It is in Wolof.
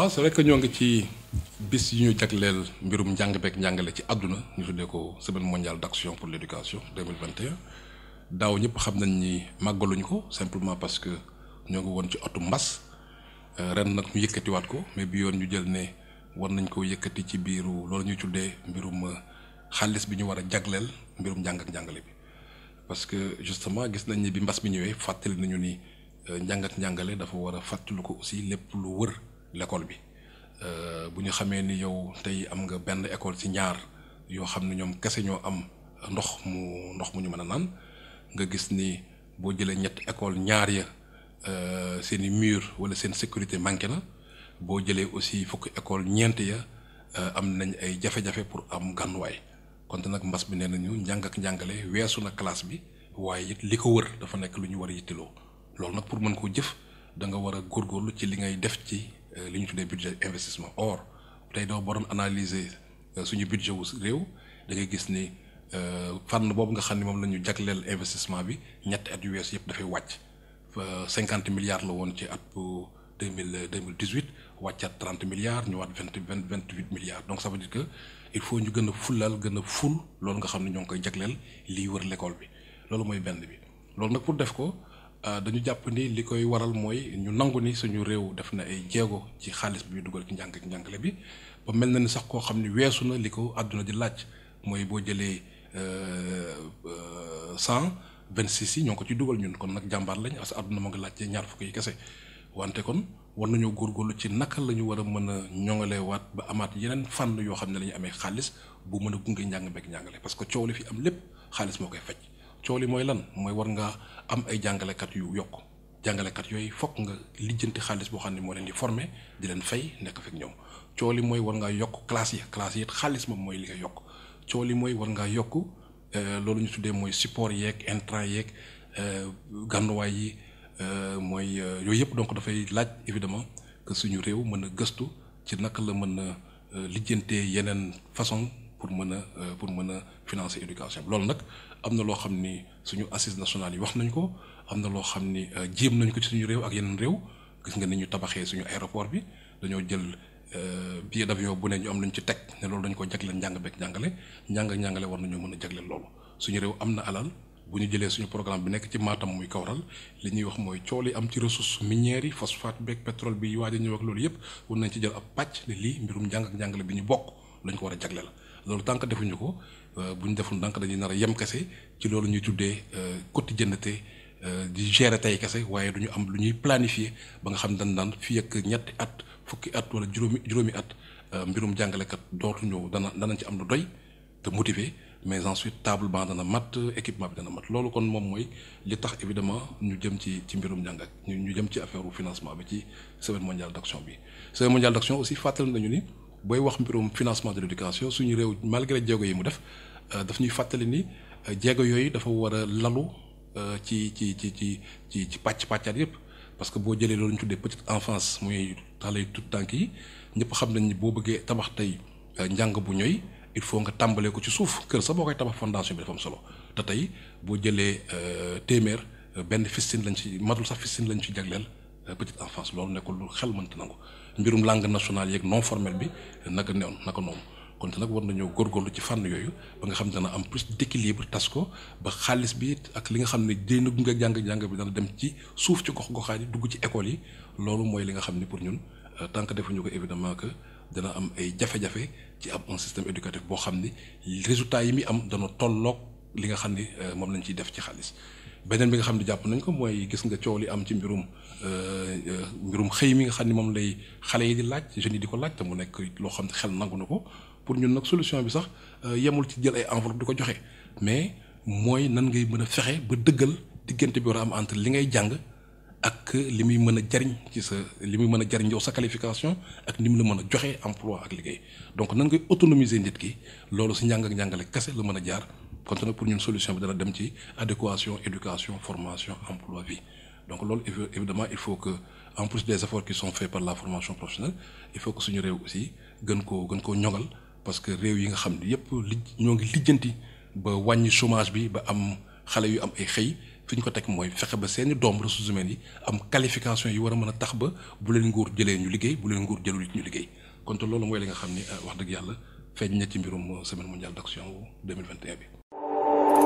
waaw c'est ñoo ngi ci bis yu ñu jagleel mbirum njàng beeg njàngale ci àdduna ñu tuddee ko semaine mondiale d'action pour l'éducation 2021 daaw ñëpp xam nañ ni màggaluñ ko simplement parce que ñoo ngi woon ci otu mbas euh, ren nag ñu yëkkatiwaat ko mais bi yoon ñu jël ne war nañ koo yëkkati ci biiru loolu ñuy tuddee mbirum euh, xaalis bi ñu war a jagleel mbirum njàng ak njàngale bi parce que justement gis nañ ni bi mbas bi ñëwee fàttali nañu ni euh, njàng ak njàngale dafa war fàttali ko aussi lépp lu wër lekkool bi euh, bu ñu xamee ni yow tey am nga benn école ci ñaar yoo xam ne ñoom kese ñoo am ndox mu ndox mu ñu mën a naan nga gis ni boo jëlee ñett école ñaar ya euh, seen i mur wala seen sécurité manqué na boo jëlee aussi fukk école ñeent ya euh, am nañ ay jafe-jafe pour am gànnuwaay konte nag mbas bi nee nañu njàng ak njàngale weesu na classe bi waaye it li ko wër dafa nekk lu ñu war a yittiloo loolu nag pour mën koo jëf da nga war a góorgóorlu ci li ngay def ci Euh, li ñu tuddee budget investissement or tey doo boroon analyser euh, suñu budget wu réew da ngay gis ni euh, fànn boobu nga xam ne moom la ñu jagleel investissement bi ñetti at yu wees yëpp dafay wàcc cinquante milliards la woon ci at bu deux mille deux mille dix huit wàccaat trente milliards ñu waat vingt vingt vingt huit milliards donc ça veut dire que il faut ñu gën a fulal gën a ful loolu nga xam ne ñoo ngi koy jagleel lii wër l'école bi loolu mooy benn bi loolu nag pour def ko. Euh, dañu jàpp ni li koy waral mooy ñu nangu ni suñu réew def na ay jéego ci xaalis bi dugal ci njàng ak njàngale bi ba mel na ni sax koo xam ni weesu na li ko àdduna di laaj mooy boo jëlee euh, euh, cent vingt six ko ci dugal ñun kon nag jàmbaar lañ parce que àdduna moo ngi laajte ñaar yi kese wante kon war nañoo góorgóorlu ci naka la ñu war a mën a ñoŋalewaat ba amaat yeneen fànn yoo xam ne lañu amee xaalis bu mën a gunge njàng beeg njàngale parce que coow li fi am lépp xaalis moo koy faj. coow li mooy lan mooy war ngaa am ay jàngalekat yu yokk jàngalekat yooyu fokk nga lijjanti xaalis boo xam ne moo leen di former di leen fay nekk fekk ñoom cool li mooy war ngaa yokk classe yi classe yi it xaalis moom mooy li nga yokk cool yi mooy war ngaa yokk euh, loolu ñu tuddee mooy support yeeg intrant yeeg euh, gànnuwaay yi euh, mooy yooyu yëpp donc dafay laaj évidemment que suñu réew mën a gëstu ci naka la mën na lijjante yeneen façon pour mën a euh, pour mën a financé éducation bi loolu nag am na loo xam ni suñu assises nationales yi wax nañ ko am na loo xam ni euh, jéem nañ ko ci suñu réew ak yenn réew gis nga ni ñu tabaxee suñu aéroport bi dañoo jël euh, billet d'avion bu ne ñu am nañ ci teg ne loolu dañ ko jagleel njàng beeg njàngale njàng ak njàngale war nañoo mën a jagle loolu suñu réew am na alal bu ñu jëlee suñu programme bi nekk ci maatam muy Kawral li ñuy wax mooy cool yi am ci ressources minières yi phosphate beeg pétrole bi waaj a ñëw ak loolu yëpp war nañ ci jël ab pàcc ne lii mbirum njàngale bi ñu bokk lañ ko war a jagleel loolu tànk defuñu ko euh, bu ñu deful ndànk dañuy nar a yem kese ci loolu ñuy tuddee euh, quotidienneté euh, di gérer tey kese waaye duñu am lu ñuy planifier ba nga xam dañ daan fii yëkk ñetti at fukki at wala juróomi juróomi at mbirum jàngalekat dootuñu dana danañ ci am lu doy te motiver mais en ensuite table banc dana mat équipement bi dana mat loolu kon moom mooy li tax évidemment ñu jëm ci ci mbirum jàng ak ñu jëm ci affaire financement bi ci semaine mondiale d' action bi semaine mondiale aussi fàttali nañu ni. booy wax mbirum financement de l'éducation suñu réew malgré jéego yi mu def euh, dafa ñuy fàttali ni euh, jéego yooyu dafa war a lalu euh, ci ci ci ci ci ci pàcc pàccaat yëpp parce que boo jëlee loolu ñu tuddee petite enfance muy xale yu tout tànk yi ñëpp xam nañ ni boo bëggee tabax tey njàng bu ñooy il faut nga tàmbalee ko ci suuf kër sax boo koy tabax fondation bi dafa solo te tey boo jëlee téeméer benn fistine lañ ci matul sax fistine lañ ci jagleel. Euh, petite enfance loolu nekk lu xel mënta nangu mbirum langue nationale yeeg non formel bi naka newoon naka noonu kon nag war nañoo góorgóorlu ci fànn yooyu ba nga xam ne dana am plus d'équilibre tas ko ba xaalis bi ak li nga xam ne déy na gunge jàng-jàng bi dana dem ci suuf ci gox goxaan dugg ci école yi loolu mooy li nga xam ne pour ñun euh, tant que defuñu ko évidemment que dana am ay jafe-jafe ci am un système éducatif boo xam ni résultat yi muy am dana tolloog li nga xam ni euh, moom lañ ciy def ci xaalis beneen bi nga xam ne jàpp nañ ko mooy gis nga coow li am ci mbirum euh, euh, mbirum xëy mi nga xam ne moom lay xale yi di laaj jeunes yi di ko laaj te mu nekk loo xam ne xel nangu na ko pour ñun nag solution bi sax euh, yemul ci jël ay enveloppe di ko joxe mais mooy nan ngay mën a fexe ba dëggal diggante bi war a am entre li ngay jàng ak li muy mën a jariñ ci sa li muy mën a jariñ yow sa qualification ak ni mu la mën a joxe emploi ak liggéey donc nan ngay autonomiser nit ki loolu si njàng ak kese la mën a jaar konte nag pour ñun solution bi dana dem ci adéquation éducation formation emploi vie donc loolu évidemment il faut que en plus des efforts qui sont faits par la formation professionnelle il faut que suñu réew aussi gën koo gën koo ñogal parce que réew yi nga xam ne yëpp li ñoo ngi lijjanti ba wàññi chômage bi ba am xale yu am ay xëy fi ñu ko teg mooy fexe ba seeni doom ressources humaines yi am qualification yi war a mën a tax ba bu leen nguur jëlee ñu liggéey bu leen nguur jëlul ñu liggéey kon te mooy li nga xam ni wax dëgg yàlla feeñ na ci mbirum semaine mondiale d'action 2021 bi.